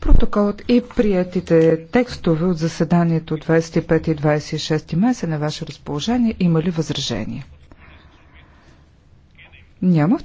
Протоколът и приятите текстове от заседанието 25 и 26 май са на ваше разположение. Има ли възражения? Няма.